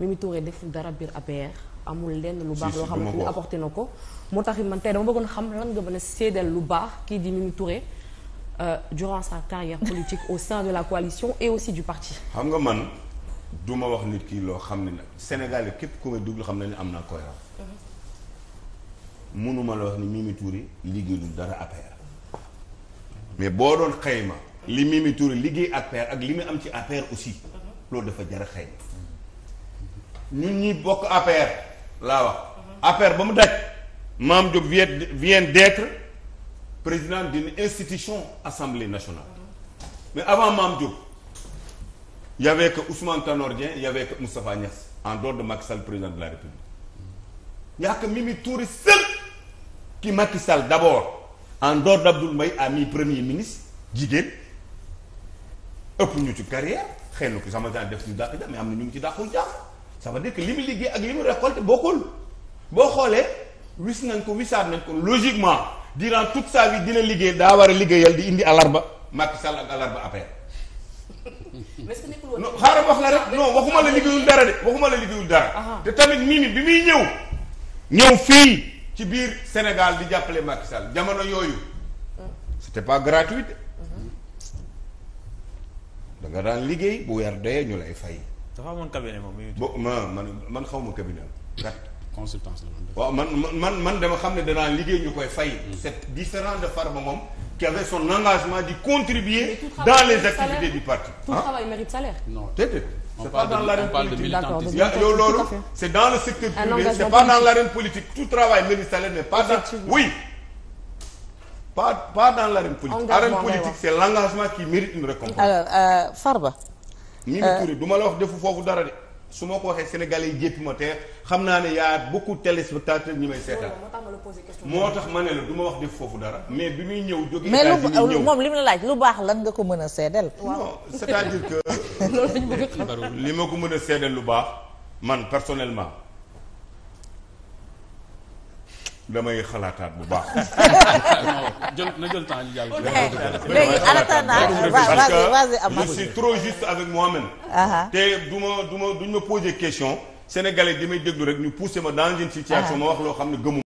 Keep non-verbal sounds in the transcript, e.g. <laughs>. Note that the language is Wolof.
Mimi Touré deful dara biir APR amul lenn lu baax loo xamante ni apporté na ko moo tax it man tey dama bëggoon xam lan nga mën a seedeel lu baax kii di Mimi Touré euh, durant sa carrière politique au sein de la coalition et aussi du parti xam nga man du ma wax nit kii loo xam ne nag Sénégal képp ku nga dugg xam ne ni am naa cohérence mënuma la wax ni Mimi mi liggéeyul dara APR boo doon xayma li Mimi Touré liggéey APR ak li mu am ci APR aussi loolu dafa jar a xayma ñu ñuy bokk affaire laa wax affaire ba mu daj Mame Diop vient vient d'être président d'une institution assemblée nationale mais avant Mame Diop y avait que Ousmane Tanor Dieng y avait que en dehors de Macky Sall président de la République y a que Mimi Touré seul qui Macky Sall d'abord en dehors d'Abdoul Mbaye a premier ministre jigéen ëpp ñu ci carrière xëy na ko sama daan def ñu dàq jàmm mais am na ñu ngi ci dàqul jàmm sama veut dire que li mu liggéey ak li mu récolté bokkul boo xoolee wis nañ ko wisaat nañ ko logiquement durant toute sa vie dina liggéey daa war a liggéeyal di indi alarba ba Sall ak alarba ba mais est-ce que xaaral wax la rek non waxuma la liggéeyul dara de waxuma la liggéeyul dara. Ah ah. te tamit mimi bi muy ñëw. ñëw fii ci biir Sénégal di jàppale Macky Sall jamono yooyu. c'était pas gratuit. Mm-hmm. da nga daan liggéey bu weer doyee ñu lay fay. dafa amoon cabinet moom man man xaw ma cabinet kat consultance la waaw man man man dama xam ne danaa liggéey ñu koy fay hmm. c'est différent de Farba moom qui avait son engagement di contribuer dans les activités du parti tout ah. travail mérite salaire non déedéet c'est pas dans l'arène loolu c'est dans le secteur ah privé c'est pas dans l'arène politique tout travail mérite salaire mais pas dans oui pas pas dans l'arène politique arène politique c'est l'engagement qui mérite une récompense alors euh, Mimi euh, Touré du ma la wax defu foofu dara de su ma ko waxee sénégale yi jéppi ma te xam naa ne yaa beaucoup téléspectateurs ñi may seetaan moo tax ma ne la duma wax def foofu dara mais bi muy ñëw jóge mais lu moom li mu la laaj lu baax lan nga ko mën a seedeel non c'est-à-dire que <laughs> li ma ko mën a seedeel lu baax man personnellement damay xalaataat bu baax. <laughs> jël na jël temps ñu jàll. que je suis trop juste avec moi-même. Uh-huh. te du ma du ma duñ ma poser question sénégalais damay déglu rek ñu pousser ma dans une situation ma wax loo xam ne gëmu.